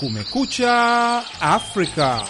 Kumekucha Afrika.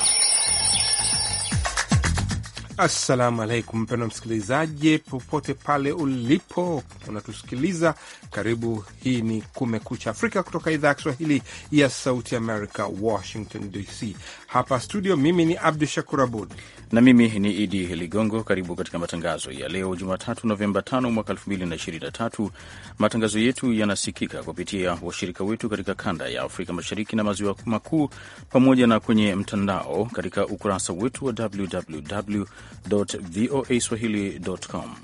Assalamu alaikum, mpendwa msikilizaji, popote pale ulipo unatusikiliza, karibu. Hii ni Kumekucha Afrika kutoka idhaa ya Kiswahili ya Sauti Amerika, Washington DC, hapa studio, mimi ni Abdu Shakur Abud na mimi ni Idi Ligongo. Karibu katika matangazo ya leo Jumatatu, Novemba 5 mwaka 2023. Matangazo yetu yanasikika kupitia washirika wetu katika kanda ya Afrika Mashariki na Maziwa Makuu, pamoja na kwenye mtandao katika ukurasa wetu wa www voa swahili.com.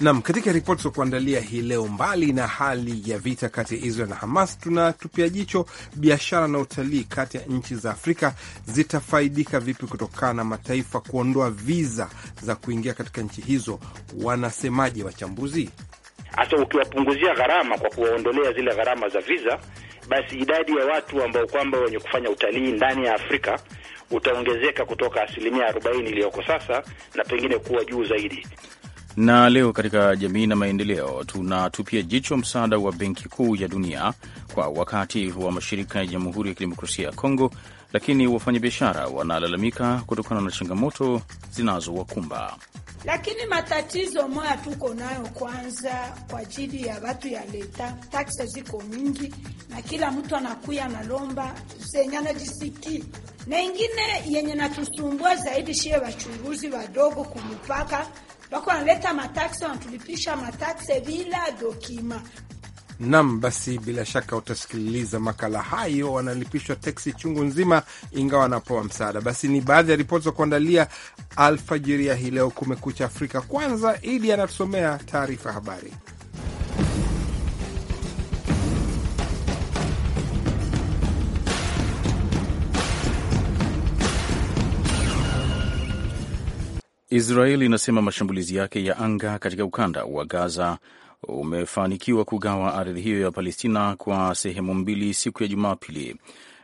Nam, katika ripoti za kuandalia hii leo, mbali na hali ya vita kati ya Israel na Hamas, tunatupia jicho biashara na utalii kati ya nchi za Afrika zitafaidika vipi kutokana na mataifa kuondoa viza za kuingia katika nchi hizo. Wanasemaje wachambuzi? Hasa ukiwapunguzia gharama kwa kuwaondolea zile gharama za viza, basi idadi ya watu ambao kwamba wenye kufanya utalii ndani ya Afrika utaongezeka kutoka asilimia 40 iliyoko sasa na pengine kuwa juu zaidi. Na leo katika jamii na maendeleo tunatupia jicho msaada wa Benki Kuu ya Dunia kwa wakati wa mashirika ya Jamhuri ya Kidemokrasia ya Kongo, lakini wafanyabiashara wanalalamika kutokana na changamoto zinazowakumba. Lakini matatizo moya tuko nayo kwanza, kwa ajili ya watu ya leta, taksa ziko mingi na kila mtu anakuya analomba zenye anajisiki na ingine yenye natusumbua zaidi shiye wachunguzi wadogo kumupaka wako wanaleta mataksi, wanatulipisha mataksi bila dokima. Nam, basi bila shaka utasikiliza makala hayo. Wanalipishwa teksi chungu nzima, ingawa wanapewa msaada. Basi ni baadhi ya ripoti za kuandalia alfajiri ya hii leo. Kumekucha Afrika. Kwanza Idi anatusomea taarifa habari. Israel inasema mashambulizi yake ya anga katika ukanda wa Gaza umefanikiwa kugawa ardhi hiyo ya Palestina kwa sehemu mbili siku ya Jumapili.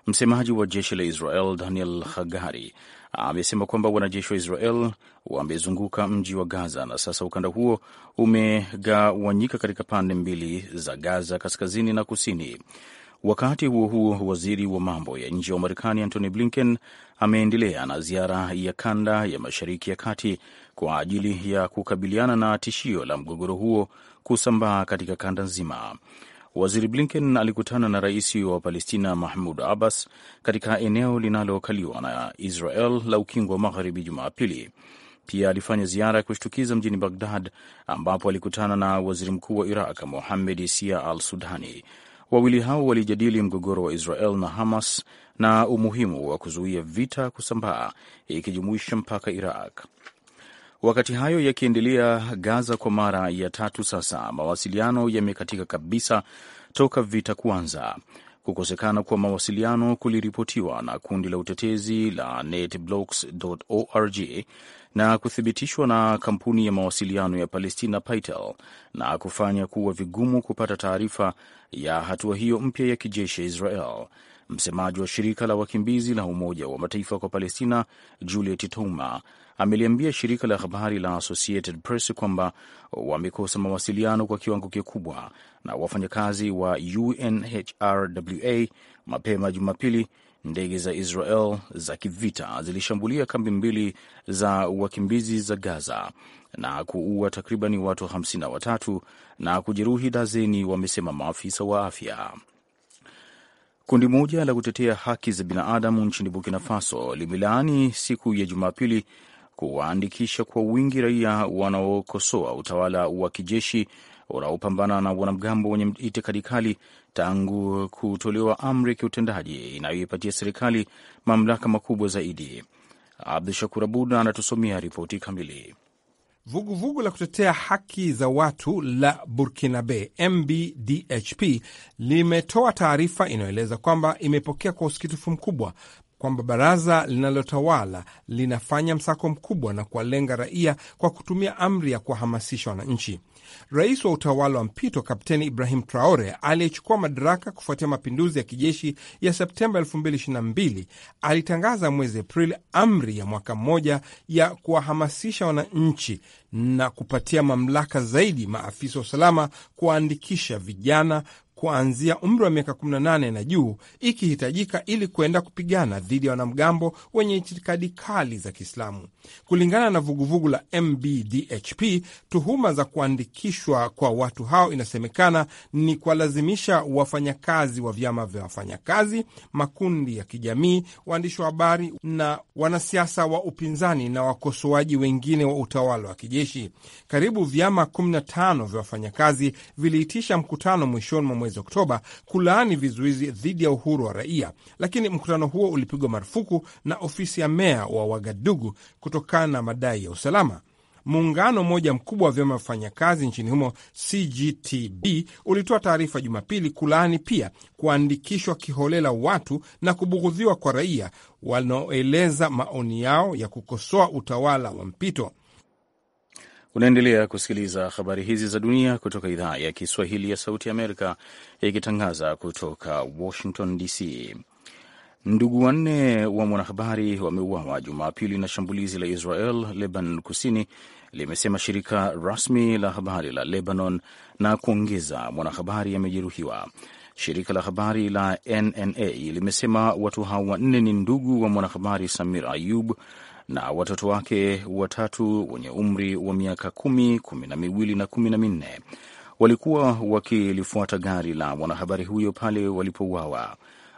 Msemaji wa jeshi la Israel Daniel Hagari amesema kwamba wanajeshi wa Israel wamezunguka mji wa Gaza na sasa ukanda huo umegawanyika katika pande mbili za Gaza, kaskazini na kusini. Wakati huo huo, waziri wa mambo ya nje wa Marekani Antony Blinken ameendelea na ziara ya kanda ya Mashariki ya Kati kwa ajili ya kukabiliana na tishio la mgogoro huo kusambaa katika kanda nzima. Waziri Blinken alikutana na rais wa Palestina Mahmud Abbas katika eneo linalokaliwa na Israel la Ukingo wa Magharibi Jumapili. Pia alifanya ziara ya kushtukiza mjini baghdad ambapo alikutana na waziri mkuu wa Iraq Mohamed sia al Sudani. Wawili hao walijadili mgogoro wa Israel na Hamas na umuhimu wa kuzuia vita kusambaa, ikijumuisha mpaka Iraq. Wakati hayo yakiendelea Gaza kwa mara ya tatu sasa, mawasiliano yamekatika kabisa toka vita kuanza. Kukosekana kwa mawasiliano kuliripotiwa na kundi la utetezi la NetBlocks.org na kuthibitishwa na kampuni ya mawasiliano ya Palestina Pitel na kufanya kuwa vigumu kupata taarifa ya hatua hiyo mpya ya kijeshi ya Israel. Msemaji wa shirika la wakimbizi la Umoja wa Mataifa kwa Palestina Juliet Touma ameliambia shirika la habari la Associated Press kwamba wamekosa mawasiliano kwa kiwango kikubwa na wafanyakazi wa UNHRWA mapema Jumapili ndege za Israel za kivita zilishambulia kambi mbili za wakimbizi za Gaza na kuua takribani watu 53 na kujeruhi dazeni, wamesema maafisa wa afya. Kundi moja la kutetea haki za binadamu nchini Burkina Faso limelaani siku ya Jumapili kuwaandikisha kwa wingi raia wanaokosoa utawala wa kijeshi unaopambana na wanamgambo wenye itikadi kali tangu kutolewa amri ya kiutendaji inayoipatia serikali mamlaka makubwa zaidi. Abdu Shakur Abud anatusomea ripoti kamili. Vuguvugu vugu la kutetea haki za watu la Burkinabe, MBDHP, limetoa taarifa inayoeleza kwamba imepokea kwa usikitifu mkubwa kwamba baraza linalotawala linafanya msako mkubwa na kuwalenga raia kwa kutumia amri ya kuwahamasisha wananchi. Rais wa utawala wa mpito Kapteni Ibrahim Traore aliyechukua madaraka kufuatia mapinduzi ya kijeshi ya Septemba 2022 alitangaza mwezi Aprili amri ya mwaka mmoja ya kuwahamasisha wananchi na kupatia mamlaka zaidi maafisa wa usalama kuwaandikisha vijana kuanzia umri wa miaka 18 na juu, ikihitajika ili kuenda kupigana dhidi ya wanamgambo wenye itikadi kali za Kiislamu. Kulingana na vuguvugu la MBDHP, tuhuma za kuandikishwa kwa watu hao inasemekana ni kuwalazimisha wafanyakazi wa vyama vya wafanyakazi, makundi ya kijamii, waandishi wa habari na wanasiasa wa upinzani na wakosoaji wengine wa utawala wa kijeshi. Karibu vyama 15 vya wafanyakazi viliitisha mkutano mwishoni mwa mwezi mwezi Oktoba kulaani vizuizi dhidi ya uhuru wa raia, lakini mkutano huo ulipigwa marufuku na ofisi ya meya wa Wagadugu kutokana na madai ya usalama. Muungano mmoja mkubwa wa vyama wafanyakazi nchini humo CGTB ulitoa taarifa Jumapili kulaani pia kuandikishwa kiholela watu na kubughudhiwa kwa raia wanaoeleza maoni yao ya kukosoa utawala wa mpito. Unaendelea kusikiliza habari hizi za dunia kutoka idhaa ya Kiswahili ya Sauti Amerika ikitangaza kutoka Washington DC. Ndugu wanne wa mwanahabari wameuawa Jumapili na shambulizi la Israel Lebanon Kusini, limesema shirika rasmi la habari la Lebanon na kuongeza mwanahabari amejeruhiwa. Shirika la habari la NNA limesema watu hao wanne ni ndugu wa mwanahabari Samir Ayub na watoto wake watatu wenye umri wa miaka kumi, kumi na miwili na kumi na minne walikuwa wakilifuata gari la mwanahabari huyo pale walipouawa.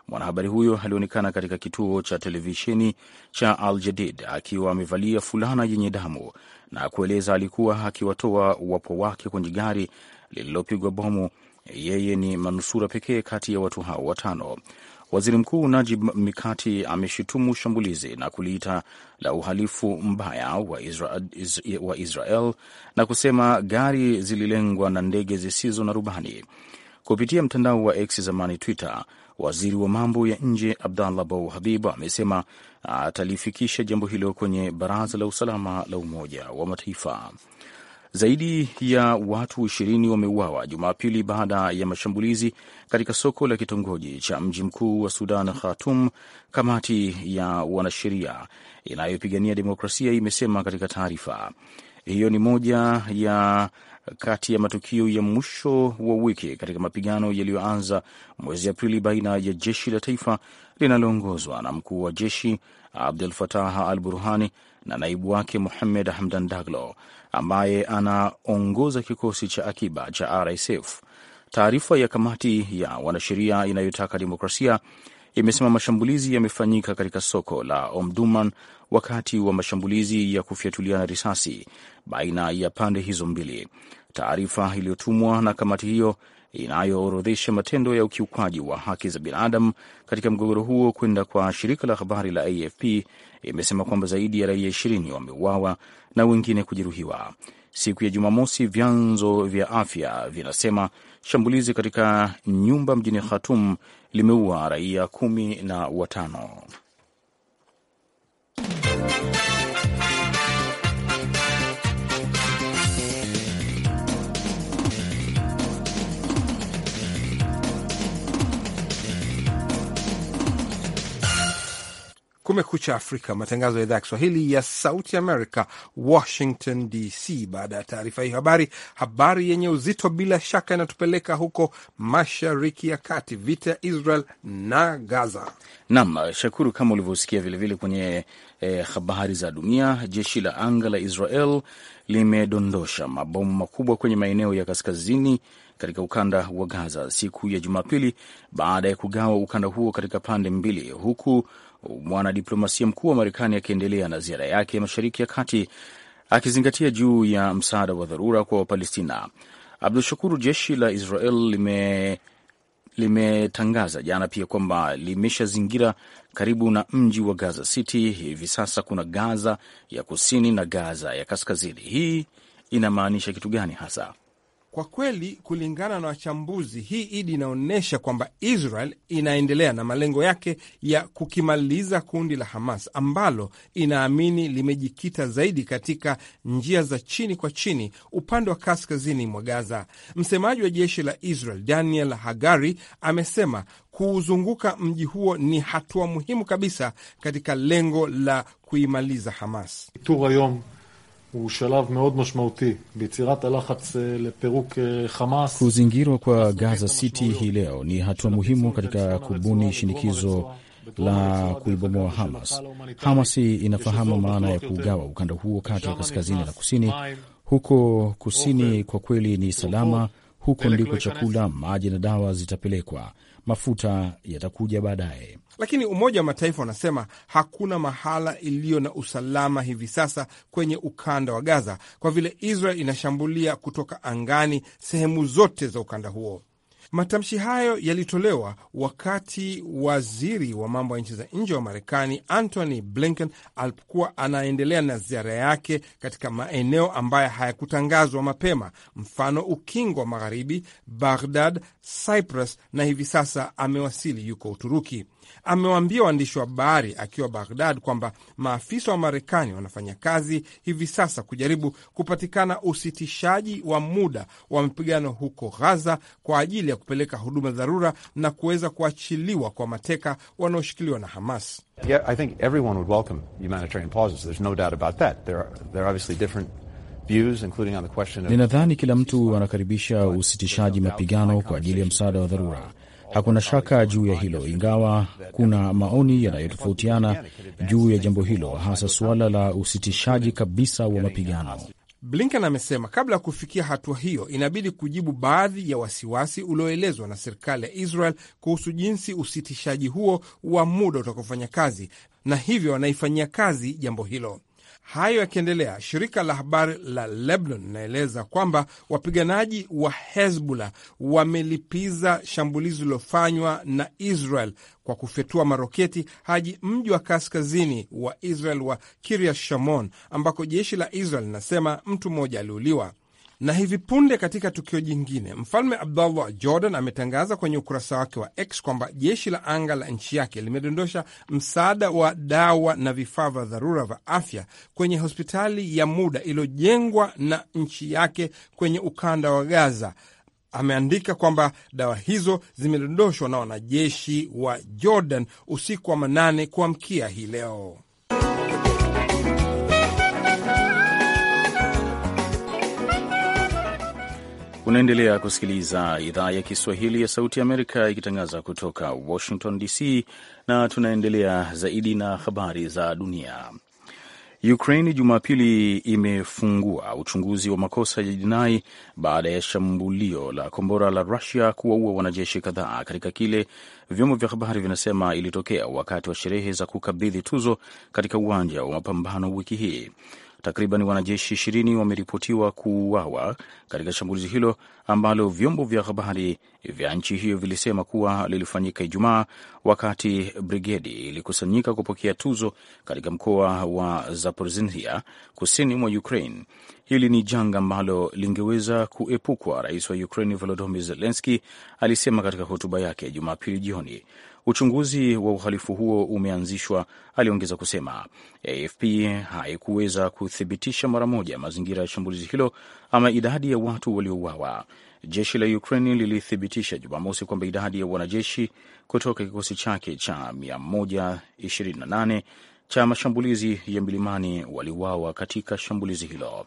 Mwanahabari huyo alionekana katika kituo cha televisheni cha Al Jadid akiwa amevalia fulana yenye damu na kueleza alikuwa akiwatoa wapo wake kwenye gari lililopigwa bomu. Yeye ni manusura pekee kati ya watu hao watano. Waziri Mkuu Najib Mikati ameshutumu shambulizi na kuliita la uhalifu mbaya wa Israel, wa Israel na kusema gari zililengwa na ndege zisizo na rubani. Kupitia mtandao wa X zamani Twitter, waziri wa mambo ya nje Abdallah bou Habib amesema atalifikisha jambo hilo kwenye Baraza la Usalama la Umoja wa Mataifa. Zaidi ya watu ishirini wameuawa Jumapili baada ya mashambulizi katika soko la kitongoji cha mji mkuu wa Sudan, Khartoum. Kamati ya wanasheria inayopigania demokrasia imesema katika taarifa hiyo, ni moja ya kati ya matukio ya mwisho wa wiki katika mapigano yaliyoanza mwezi Aprili baina ya jeshi la taifa linaloongozwa na mkuu wa jeshi Abdul Fatah al Burhani na naibu wake Muhamed Hamdan Daglo ambaye anaongoza kikosi cha akiba cha RSF. Taarifa ya kamati ya wanasheria inayotaka demokrasia imesema mashambulizi yamefanyika katika soko la Omdurman wakati wa mashambulizi ya kufyatuliana risasi baina ya pande hizo mbili. Taarifa iliyotumwa na kamati hiyo inayoorodhesha matendo ya ukiukwaji wa haki za binadamu katika mgogoro huo kwenda kwa shirika la habari la AFP imesema kwamba zaidi ya raia ishirini wameuawa na wengine kujeruhiwa siku ya Jumamosi. Vyanzo vya afya vinasema shambulizi katika nyumba mjini Khartoum limeua raia kumi na watano. Kumekucha Afrika, matangazo ya idhaa ya Kiswahili ya Sauti Amerika, Washington DC. Baada ya taarifa hiyo habari, habari yenye uzito bila shaka inatupeleka huko Mashariki ya Kati, vita ya Israel na Gaza. Naam, Shakuru, kama ulivyosikia vilevile kwenye eh, habari za dunia, jeshi la anga la Israel limedondosha mabomu makubwa kwenye maeneo ya kaskazini katika ukanda wa Gaza siku ya Jumapili baada ya kugawa ukanda huo katika pande mbili, huku mwanadiplomasia mkuu wa Marekani akiendelea na ziara yake ya Mashariki ya Kati akizingatia juu ya msaada wa dharura kwa Wapalestina. Abdu shakuru jeshi la Israel lime limetangaza jana pia kwamba limeshazingira karibu na mji wa Gaza City. Hivi sasa kuna Gaza ya kusini na Gaza ya kaskazini. Hii inamaanisha kitu gani hasa? Kwa kweli, kulingana na wachambuzi, hii Idi inaonyesha kwamba Israel inaendelea na malengo yake ya kukimaliza kundi la Hamas ambalo inaamini limejikita zaidi katika njia za chini kwa chini upande wa kaskazini mwa Gaza. Msemaji wa jeshi la Israel Daniel Hagari amesema kuuzunguka mji huo ni hatua muhimu kabisa katika lengo la kuimaliza Hamas. הוא שלב מאוד משמעותי ביצירת הלחץ לפירוק חמאס. Kuzingirwa kwa Gaza City hii leo ni hatua muhimu katika kubuni shinikizo la kuibomoa Hamas. Hamas inafahamu maana ya kugawa ukanda huo kati ya kaskazini na kusini. Huko kusini kwa kweli ni salama huko ndiko chakula, maji na dawa zitapelekwa. Mafuta yatakuja baadaye. Lakini Umoja wa Mataifa unasema hakuna mahala iliyo na usalama hivi sasa kwenye ukanda wa Gaza kwa vile Israel inashambulia kutoka angani sehemu zote za ukanda huo. Matamshi hayo yalitolewa wakati waziri wa mambo ya nchi za nje wa Marekani Antony Blinken alipokuwa anaendelea na ziara yake katika maeneo ambayo hayakutangazwa mapema, mfano ukingo wa Magharibi, Baghdad, Cyprus na hivi sasa amewasili yuko Uturuki amewaambia waandishi wa habari akiwa Baghdad kwamba maafisa wa Marekani wanafanya kazi hivi sasa kujaribu kupatikana usitishaji wa muda wa mapigano huko Ghaza kwa ajili ya kupeleka huduma dharura na kuweza kuachiliwa kwa mateka wanaoshikiliwa na Hamas. Yeah, I think everyone would welcome humanitarian pauses. There's no doubt about that. There are, there are obviously different Ninadhani kila mtu anakaribisha usitishaji mapigano kwa ajili ya msaada wa dharura. Hakuna shaka juu ya hilo, ingawa kuna maoni yanayotofautiana juu ya jambo hilo, hasa suala la usitishaji kabisa wa mapigano. Blinken amesema kabla ya kufikia hatua hiyo inabidi kujibu baadhi ya wasiwasi ulioelezwa na serikali ya Israel kuhusu jinsi usitishaji huo wa muda utakaofanya kazi, na hivyo wanaifanyia kazi jambo hilo. Hayo yakiendelea, shirika la habari la Lebanon linaeleza kwamba wapiganaji wa Hezbollah wamelipiza shambulizi lilofanywa na Israel kwa kufyatua maroketi hadi mji wa kaskazini wa Israel wa Kiryat shamon ambako jeshi la Israel linasema mtu mmoja aliuliwa. Na hivi punde, katika tukio jingine, mfalme Abdullah wa Jordan ametangaza kwenye ukurasa wake wa X kwamba jeshi la anga la nchi yake limedondosha msaada wa dawa na vifaa vya dharura vya afya kwenye hospitali ya muda iliyojengwa na nchi yake kwenye ukanda wa Gaza. Ameandika kwamba dawa hizo zimedondoshwa na wanajeshi wa Jordan usiku wa manane kuamkia hii leo. Unaendelea kusikiliza idhaa ya Kiswahili ya Sauti ya Amerika ikitangaza kutoka Washington DC, na tunaendelea zaidi na habari za dunia. Ukraine Jumapili imefungua uchunguzi wa makosa ya jinai baada ya shambulio la kombora la Rusia kuwaua wanajeshi kadhaa katika kile vyombo vya habari vinasema ilitokea wakati wa sherehe za kukabidhi tuzo katika uwanja wa mapambano wiki hii. Takriban wanajeshi ishirini wameripotiwa kuuawa katika shambulizi hilo ambalo vyombo vya habari vya nchi hiyo vilisema kuwa lilifanyika Ijumaa wakati brigedi ilikusanyika kupokea tuzo katika mkoa wa Zaporizhia kusini mwa Ukraine. Hili ni janga ambalo lingeweza kuepukwa, rais wa Ukraine Volodymyr Zelensky alisema katika hotuba yake Jumapili jioni. Uchunguzi wa uhalifu huo umeanzishwa, aliongeza kusema. AFP haikuweza kuthibitisha mara moja mazingira ya shambulizi hilo ama idadi ya watu waliouawa. Jeshi la Ukraine lilithibitisha Jumamosi kwamba idadi ya wanajeshi kutoka kikosi chake cha 128 cha mashambulizi ya milimani waliuawa katika shambulizi hilo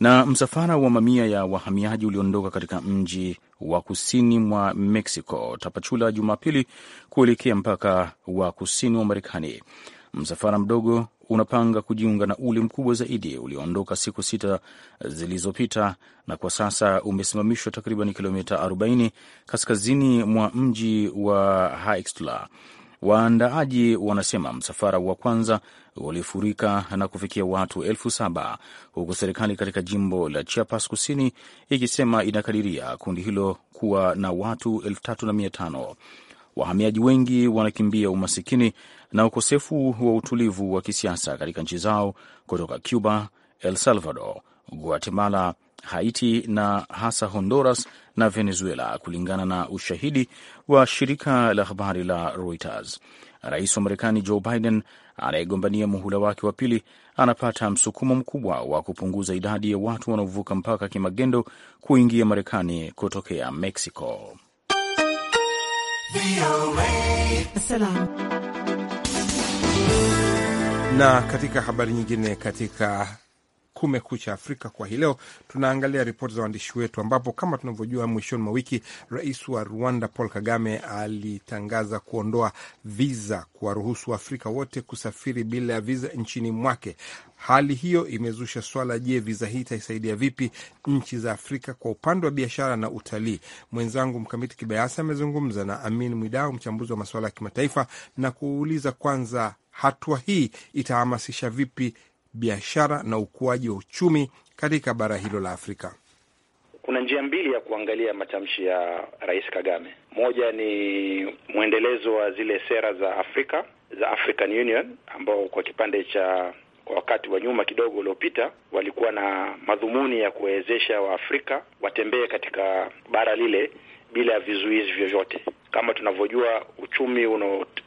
na msafara wa mamia ya wahamiaji uliondoka katika mji wa kusini mwa Mexico Tapachula Jumapili kuelekea mpaka wa kusini wa Marekani. Msafara mdogo unapanga kujiunga na ule mkubwa zaidi ulioondoka siku sita zilizopita na kwa sasa umesimamishwa takriban kilomita 40 kaskazini mwa mji wa Haixtla. Waandaaji wanasema msafara wa kwanza ulifurika na kufikia watu elfu saba huku serikali katika jimbo la Chiapas kusini ikisema inakadiria kundi hilo kuwa na watu elfu tatu na mia tano. Wahamiaji wengi wanakimbia umasikini na ukosefu wa utulivu wa kisiasa katika nchi zao kutoka Cuba, El Salvador, Guatemala, Haiti na hasa Honduras na Venezuela, kulingana na ushahidi wa shirika la habari la Reuters. Rais wa Marekani Joe Biden anayegombania muhula wake wa pili anapata msukumo mkubwa wa kupunguza idadi ya watu wanaovuka mpaka kimagendo kuingia Marekani kutokea Mexico. Na katika habari nyingine, katika Kumekucha Afrika kwa hii leo, tunaangalia ripoti za waandishi wetu, ambapo kama tunavyojua, mwishoni mwa wiki rais wa Rwanda Paul Kagame alitangaza kuondoa viza, kuwaruhusu Waafrika wote kusafiri bila ya viza nchini mwake. Hali hiyo imezusha swala, je, viza hii itaisaidia vipi nchi za Afrika kwa upande wa biashara na utalii? Mwenzangu Mkamiti Kibayasi amezungumza na Amin Mwidau, mchambuzi wa masuala ya kimataifa, na kuuliza kwanza hatua hii itahamasisha vipi biashara na ukuaji wa uchumi katika bara hilo la Afrika. Kuna njia mbili ya kuangalia matamshi ya Rais Kagame. Moja ni mwendelezo wa zile sera za Afrika za African Union ambao kwa kipande cha kwa wakati wa nyuma kidogo uliopita walikuwa na madhumuni ya kuwawezesha Waafrika watembee katika bara lile bila vizuizi vyovyote. Kama tunavyojua uchumi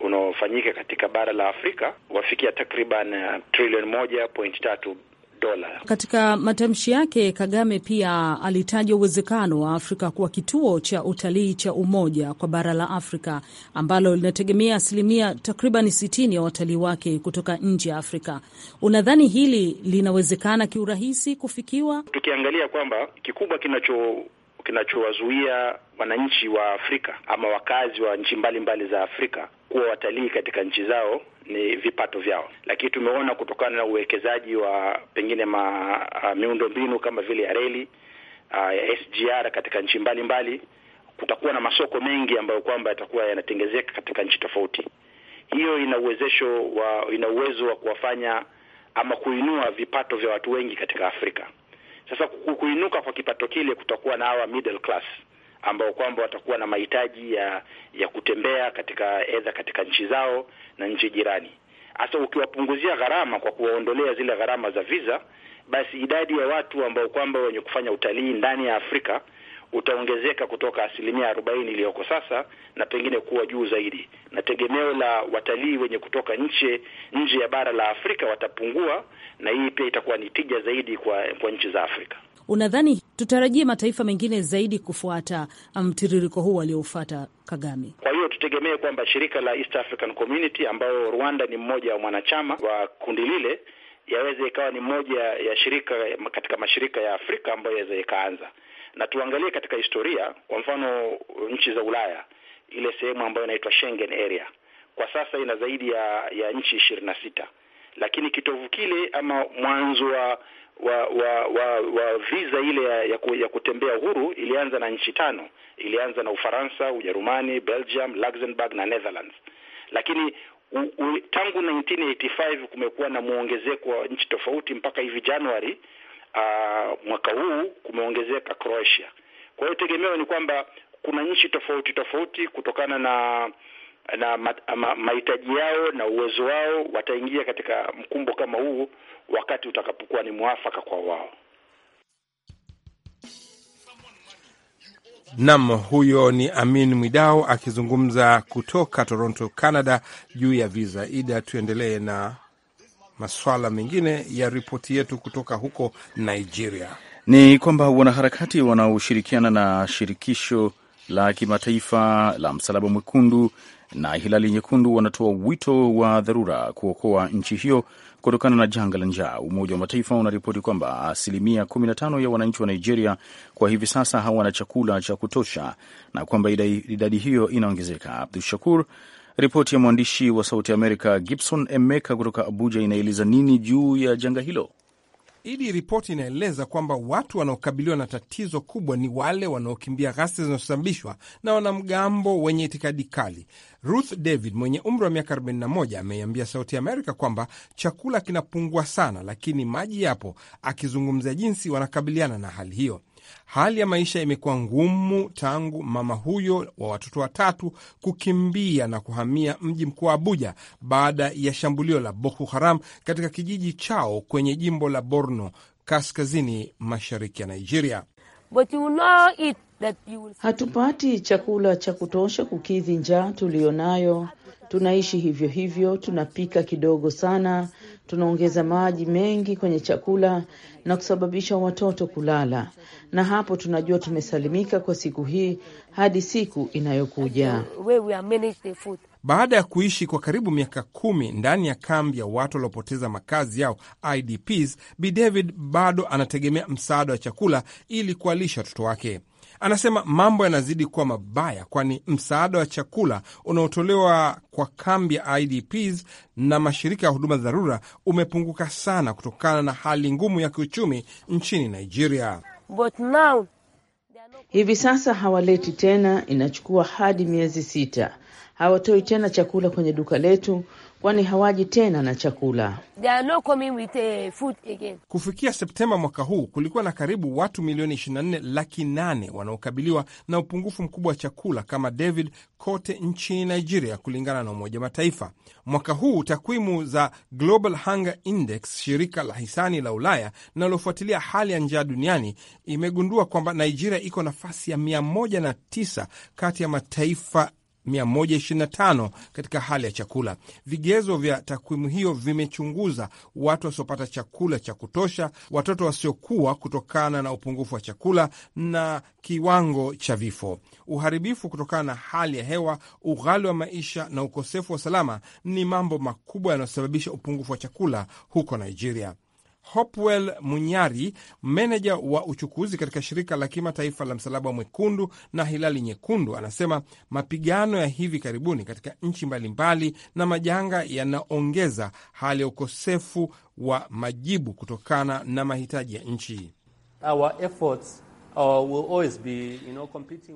unaofanyika katika bara la Afrika wafikia takriban uh, trilioni moja point tatu dola. Katika matamshi yake, Kagame pia alitaja uwezekano wa Afrika kuwa kituo cha utalii cha umoja kwa bara la Afrika ambalo linategemea asilimia takriban sitini ya watalii wake kutoka nje ya Afrika. Unadhani hili linawezekana kiurahisi kufikiwa, tukiangalia kwamba kikubwa kinacho kinachowazuia wananchi wa Afrika ama wakazi wa nchi mbalimbali za Afrika kuwa watalii katika nchi zao ni vipato vyao, lakini tumeona kutokana na uwekezaji wa pengine ma uh, miundo mbinu kama vile ya reli uh, ya SGR katika nchi mbalimbali, kutakuwa na masoko mengi ambayo kwamba yatakuwa yanatengezeka katika nchi tofauti. Hiyo ina uwezesho wa ina uwezo wa kuwafanya ama kuinua vipato vya watu wengi katika Afrika. Sasa kuinuka kwa kipato kile, kutakuwa na hawa middle class ambao kwamba watakuwa na mahitaji ya ya kutembea katika edha katika nchi zao na nchi jirani. Hasa ukiwapunguzia gharama kwa kuwaondolea zile gharama za visa, basi idadi ya watu ambao kwamba wenye kufanya utalii ndani ya Afrika utaongezeka kutoka asilimia arobaini iliyoko sasa na pengine kuwa juu zaidi, na tegemeo la watalii wenye kutoka nje nje ya bara la Afrika watapungua, na hii pia itakuwa ni tija zaidi kwa kwa nchi za Afrika. Unadhani tutarajie mataifa mengine zaidi kufuata um, mtiririko huu waliofuata Kagame? Kwa hiyo tutegemee kwamba shirika la East African Community, Rwanda ni mmoja wa mwanachama wa kundi lile, yaweze ikawa ni moja ya shirika katika mashirika ya Afrika ambayo yaweza ikaanza, na tuangalie katika historia, kwa mfano nchi za Ulaya, ile sehemu ambayo inaitwa Schengen area kwa sasa ina zaidi ya, ya nchi ishirini na sita, lakini kitovu kile ama mwanzo wa wa wa wa, wa visa ile ya, ya, ku, ya kutembea huru ilianza na nchi tano. Ilianza na Ufaransa, Ujerumani, Belgium, Luxembourg na Netherlands, lakini u, u, tangu 1985 kumekuwa na mwongezeko wa nchi tofauti mpaka hivi Januari uh, ah, mwaka huu kumeongezeka Croatia. Kwa hiyo tegemeo ni kwamba kuna nchi tofauti tofauti kutokana na na mahitaji yao na uwezo wao wataingia katika mkumbo kama huu wakati utakapokuwa ni mwafaka kwa wao. Nam, huyo ni Amin Mwidau akizungumza kutoka Toronto, Canada, juu ya viza ida. Tuendelee na maswala mengine ya ripoti yetu kutoka huko Nigeria. Ni kwamba wanaharakati wanaoshirikiana na shirikisho la kimataifa la Msalaba Mwekundu na Hilali Nyekundu wanatoa wito wa dharura kuokoa nchi hiyo kutokana na janga la njaa. Umoja wa Mataifa unaripoti kwamba asilimia 15 ya wananchi wa Nigeria kwa hivi sasa hawana chakula cha kutosha na kwamba idadi hiyo inaongezeka. Abdu Shakur, ripoti ya mwandishi wa Sauti Amerika Gibson Emeka kutoka Abuja inaeleza nini juu ya janga hilo? Idi, ripoti inaeleza kwamba watu wanaokabiliwa na tatizo kubwa ni wale wanaokimbia ghasia zinazosababishwa na wanamgambo wenye itikadi kali. Ruth David mwenye umri wa miaka 41 ameiambia Sauti Amerika kwamba chakula kinapungua sana, lakini maji yapo, akizungumzia jinsi wanakabiliana na hali hiyo. Hali ya maisha imekuwa ngumu tangu mama huyo wa watoto watatu kukimbia na kuhamia mji mkuu wa Abuja baada ya shambulio la Boko Haram katika kijiji chao kwenye jimbo la Borno, kaskazini mashariki ya Nigeria. But you know it, that you will... hatupati chakula cha kutosha kukidhi njaa tuliyonayo. Tunaishi hivyo hivyo, tunapika kidogo sana tunaongeza maji mengi kwenye chakula na kusababisha watoto kulala, na hapo tunajua tumesalimika kwa siku hii hadi siku inayokuja. Baada ya kuishi kwa karibu miaka kumi ndani ya kambi ya watu waliopoteza makazi yao IDPs, Bi David bado anategemea msaada wa chakula ili kuwalisha watoto wake. Anasema mambo yanazidi kuwa mabaya, kwani msaada wa chakula unaotolewa kwa kambi ya IDPs na mashirika ya huduma dharura umepunguka sana kutokana na hali ngumu ya kiuchumi nchini Nigeria. But now, hivi sasa hawaleti tena, inachukua hadi miezi sita. Hawatoi tena chakula kwenye duka letu kwani hawaji tena na chakula. Eh, Kufikia Septemba mwaka huu kulikuwa na karibu watu milioni 24 laki 8 wanaokabiliwa na upungufu mkubwa wa chakula kama David kote nchini Nigeria, kulingana na Umoja Mataifa. Mwaka huu takwimu za Global Hunger Index, shirika la hisani la Ulaya linalofuatilia hali ya njaa duniani, imegundua kwamba Nigeria iko nafasi ya 109 kati ya mataifa 125 katika hali ya chakula. Vigezo vya takwimu hiyo vimechunguza watu wasiopata chakula cha kutosha, watoto wasiokuwa kutokana na upungufu wa chakula na kiwango cha vifo. Uharibifu kutokana na hali ya hewa, ughali wa maisha na ukosefu wa usalama ni mambo makubwa yanayosababisha upungufu wa chakula huko Nigeria. Hopwell Munyari, meneja wa uchukuzi katika shirika la kimataifa la Msalaba Mwekundu na Hilali Nyekundu, anasema mapigano ya hivi karibuni katika nchi mbalimbali na majanga yanaongeza hali ya ukosefu wa majibu kutokana na mahitaji ya nchi. Our efforts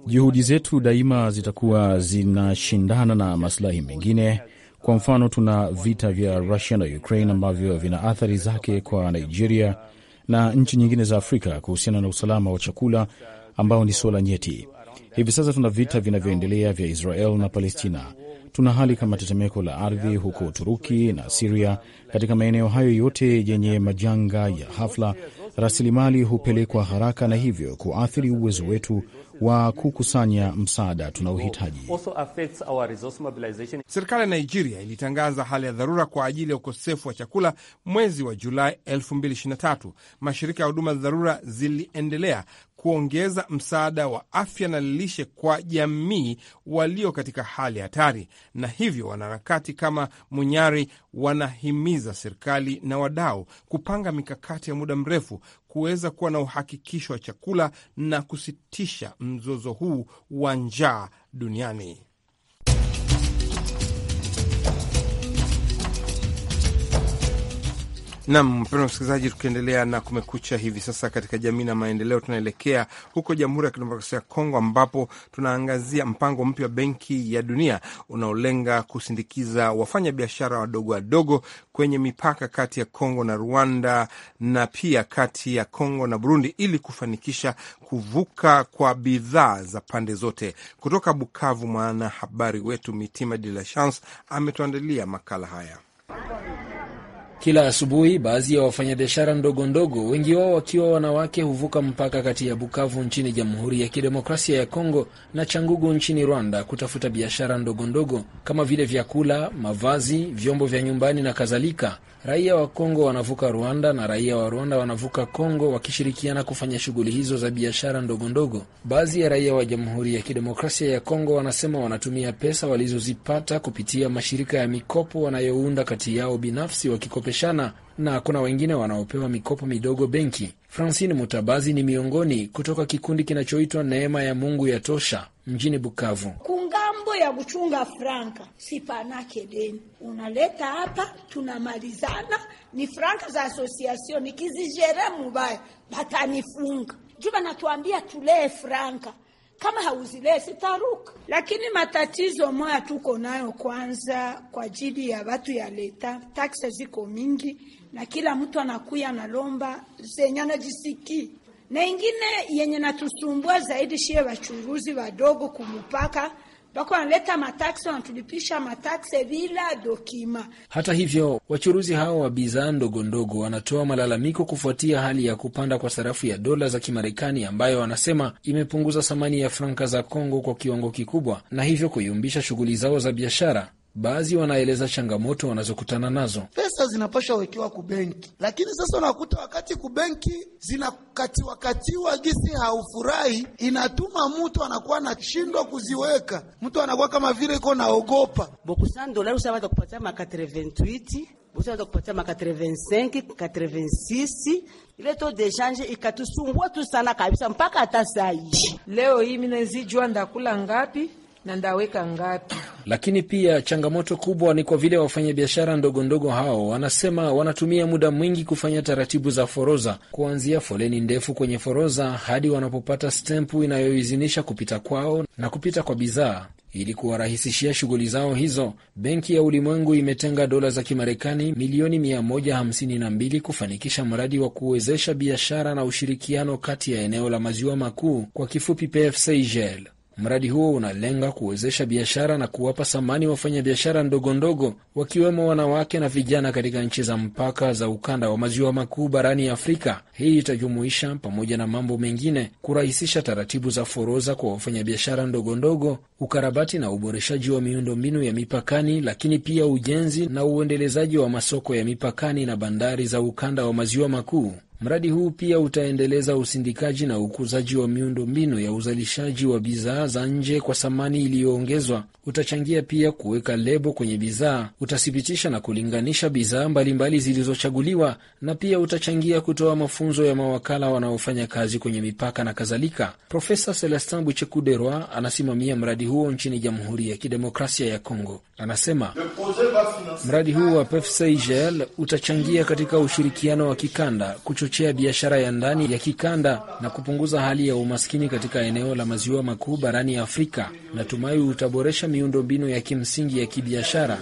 Juhudi zetu daima zitakuwa zinashindana na maslahi mengine kwa mfano, tuna vita vya Rusia na Ukraine ambavyo vina athari zake kwa Nigeria na nchi nyingine za Afrika kuhusiana na usalama wa chakula ambao ni suala nyeti. Hivi sasa tuna vita vinavyoendelea vya Israel na Palestina. Tuna hali kama tetemeko la ardhi huko Uturuki na Siria. Katika maeneo hayo yote yenye majanga ya hafla rasilimali hupelekwa haraka na hivyo kuathiri uwezo wetu wa kukusanya msaada tunaohitaji. Serikali ya Nigeria ilitangaza hali ya dharura kwa ajili ya ukosefu wa chakula mwezi wa Julai 2023. Mashirika ya huduma za dharura ziliendelea kuongeza msaada wa afya na lishe kwa jamii walio katika hali hatari, na hivyo wanaharakati kama Munyari wanahimiza serikali na wadau kupanga mikakati ya muda mrefu kuweza kuwa na uhakikisho wa chakula na kusitisha mzozo huu wa njaa duniani. Nam mpendo msikilizaji, tukiendelea na Kumekucha hivi sasa katika jamii na maendeleo, tunaelekea huko Jamhuri ya Kidemokrasia ya Kongo ambapo tunaangazia mpango mpya wa Benki ya Dunia unaolenga kusindikiza wafanya biashara wadogo wadogo kwenye mipaka kati ya Kongo na Rwanda na pia kati ya Kongo na Burundi ili kufanikisha kuvuka kwa bidhaa za pande zote. Kutoka Bukavu, mwanahabari wetu Mitima De La Chance ametuandalia makala haya. Kila asubuhi baadhi ya wafanyabiashara ndogo ndogo, wengi wao wakiwa wanawake, huvuka mpaka kati ya Bukavu nchini Jamhuri ya Kidemokrasia ya Kongo na Changugu nchini Rwanda kutafuta biashara ndogo ndogo kama vile vyakula, mavazi, vyombo vya nyumbani na kadhalika. Raia wa Kongo wanavuka Rwanda na raia wa Rwanda wanavuka Kongo wakishirikiana kufanya shughuli hizo za biashara ndogo ndogo Baadhi ya raia wa Jamhuri ya Kidemokrasia ya Kongo wanasema wanatumia pesa walizozipata kupitia mashirika ya mikopo wanayounda kati yao binafsi wakikopeshana na kuna wengine wanaopewa mikopo midogo benki. Francine Mutabazi ni miongoni kutoka kikundi kinachoitwa Neema ya Mungu ya Tosha mjini Bukavu. kungambo ya kuchunga franka sipanake deni unaleta hapa, tunamalizana. Ni franka za asosiasio, nikizijere mubaya batanifunga juu banatuambia tulee franka kama hauzilee sitaruka, lakini matatizo moya tuko nayo kwanza, kwa ajili ya watu ya leta, taksi ziko mingi na kila mtu anakuya analomba zenye anajisiki na ingine yenye natusumbua zaidi shie wachuruzi wadogo kumupaka bako wanaleta mataksi wanatulipisha mataksi bila dokima. Hata hivyo, wachuruzi hao wa bidhaa ndogo ndogo wanatoa malalamiko kufuatia hali ya kupanda kwa sarafu ya dola za Kimarekani ambayo wanasema imepunguza thamani ya franka za Kongo kwa kiwango kikubwa na hivyo kuyumbisha shughuli zao za biashara. Baadhi wanaeleza changamoto wanazokutana nazo. Pesa zinapasha wekewa kubenki, lakini sasa unakuta wakati kubenki zinakatiwakatiwa gisi haufurahi, inatuma mtu anakuwa anashindwa kuziweka, mtu anakuwa kama vile iko naogopa bokusandolari usaweza kupatia maka88 usaweza kupatia maka85 86 ile to dechange ikatusumbua tu sana kabisa mpaka hata sai. Leo hii minezijua ndakula ngapi na ndaweka ngapi. Lakini pia changamoto kubwa ni kwa vile wafanyabiashara ndogo ndogo hao wanasema wanatumia muda mwingi kufanya taratibu za foroza, kuanzia foleni ndefu kwenye foroza hadi wanapopata stempu inayoizinisha kupita kwao na kupita kwa bidhaa. Ili kuwarahisishia shughuli zao hizo, Benki ya Ulimwengu imetenga dola za Kimarekani milioni 152 kufanikisha mradi wa kuwezesha biashara na ushirikiano kati ya eneo la maziwa makuu, kwa kifupi PFC Mradi huo unalenga kuwezesha biashara na kuwapa thamani wafanyabiashara ndogo ndogo wakiwemo wanawake na vijana katika nchi za mpaka za ukanda wa maziwa makuu barani Afrika. Hii itajumuisha pamoja na mambo mengine, kurahisisha taratibu za forodha kwa wafanyabiashara ndogo ndogo, ukarabati na uboreshaji wa miundombinu ya mipakani, lakini pia ujenzi na uendelezaji wa masoko ya mipakani na bandari za ukanda wa maziwa makuu. Mradi huu pia utaendeleza usindikaji na ukuzaji wa miundombinu ya uzalishaji wa bidhaa za nje kwa thamani iliyoongezwa. Utachangia pia kuweka lebo kwenye bidhaa, utathibitisha na kulinganisha bidhaa mbalimbali zilizochaguliwa, na pia utachangia kutoa mafunzo ya mawakala wanaofanya kazi kwenye mipaka na kadhalika. Profesa Celestin Buchekuderwa anasimamia mradi huo nchini Jamhuri ya Kidemokrasia ya Kongo. Anasema mradi huu wa PEFSEIGL utachangia katika ushirikiano wa kikanda kucho kuchochea biashara ya ndani ya kikanda na kupunguza hali ya umaskini katika eneo la maziwa makuu barani Afrika. Natumai utaboresha miundombinu ya kimsingi ya kibiashara.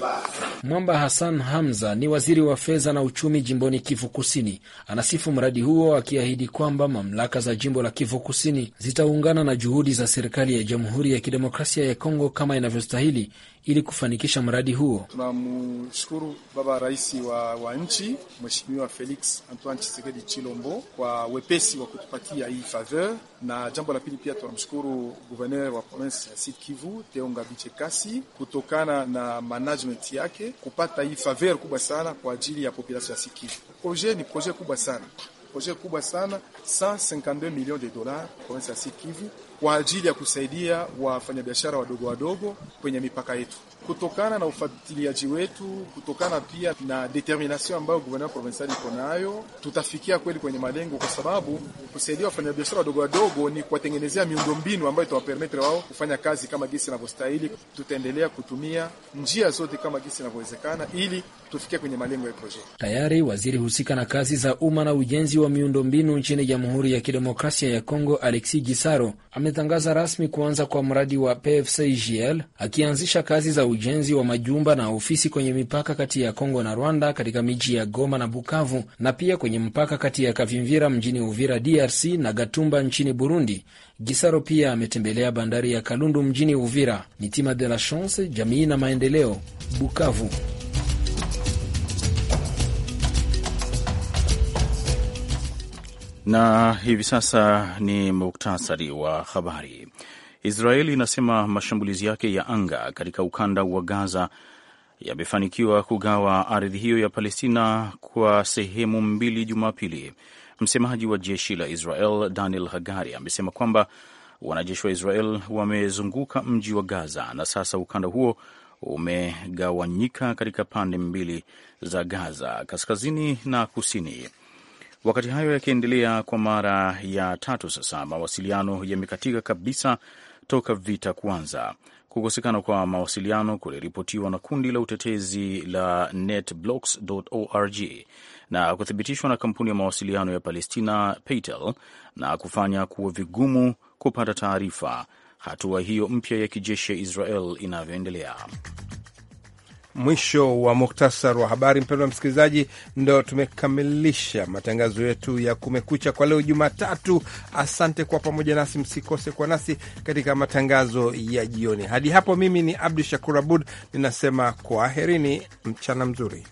Mwamba Hassan Hamza ni waziri wa fedha na uchumi jimboni Kivu Kusini. Anasifu mradi huo akiahidi kwamba mamlaka za jimbo la Kivu Kusini zitaungana na juhudi za serikali ya Jamhuri ya Kidemokrasia ya Kongo kama inavyostahili ili kufanikisha mradi huo. Tunamshukuru Baba Rais wa, wa nchi Mheshimiwa Felix Antoine chisekedi Chilombo kwa wepesi wa kutupatia hii faveur, na jambo la pili pia tunamshukuru guverner wa province ya Sud Kivu Teonga Bichekasi kutokana na management yake kupata hii faveur kubwa sana kwa ajili ya population ya Sud Kivu. Projet ni projet kubwa sana projet kubwa sana 152 milioni de dola provinsi ya Sud Kivu kwa ajili ya kusaidia wafanyabiashara wadogo wadogo kwenye mipaka yetu kutokana na ufuatiliaji wetu, kutokana pia na determination ambayo gouverneur provincial iko nayo, tutafikia kweli kwenye malengo, kwa sababu kusaidia wafanyabiashara wadogo wadogo ni kuwatengenezea miundombinu ambayo itawapermetre wao kufanya kazi kama gisi inavyostahili. Tutaendelea kutumia njia zote kama gisi inavyowezekana ili tufikie kwenye malengo ya projekti. Tayari waziri husika na kazi za umma na ujenzi wa miundombinu nchini Jamhuri ya Kidemokrasia ya Kongo, Alexi Gisaro, ametangaza rasmi kuanza kwa mradi wa PFCGL akianzisha kazi za ujenzi wa majumba na ofisi kwenye mipaka kati ya Kongo na Rwanda katika miji ya Goma na Bukavu na pia kwenye mpaka kati ya Kavimvira mjini Uvira DRC na Gatumba nchini Burundi. Gisaro pia ametembelea bandari ya Kalundu mjini Uvira. Mitima de la Chance, jamii na maendeleo, Bukavu. Na hivi sasa ni muktasari wa habari. Israeli inasema mashambulizi yake ya anga katika ukanda wa Gaza yamefanikiwa kugawa ardhi hiyo ya Palestina kwa sehemu mbili Jumapili. Msemaji wa jeshi la Israel Daniel Hagari amesema kwamba wanajeshi wa Israel wamezunguka mji wa Gaza na sasa ukanda huo umegawanyika katika pande mbili za Gaza, kaskazini na kusini. Wakati hayo yakiendelea kwa mara ya tatu sasa, mawasiliano yamekatika kabisa toka vita kuanza. Kukosekana kwa mawasiliano kuliripotiwa na kundi la utetezi la netblocks.org na kuthibitishwa na kampuni ya mawasiliano ya Palestina Paytel na kufanya kuwa vigumu kupata taarifa, hatua hiyo mpya ya kijeshi ya Israel inavyoendelea mwisho wa muktasar wa habari. Mpendwa msikilizaji, ndo tumekamilisha matangazo yetu ya Kumekucha kwa leo Jumatatu. Asante kwa pamoja nasi, msikose kwa nasi katika matangazo ya jioni. Hadi hapo, mimi ni Abdu Shakur Abud ninasema kwaherini, mchana mzuri.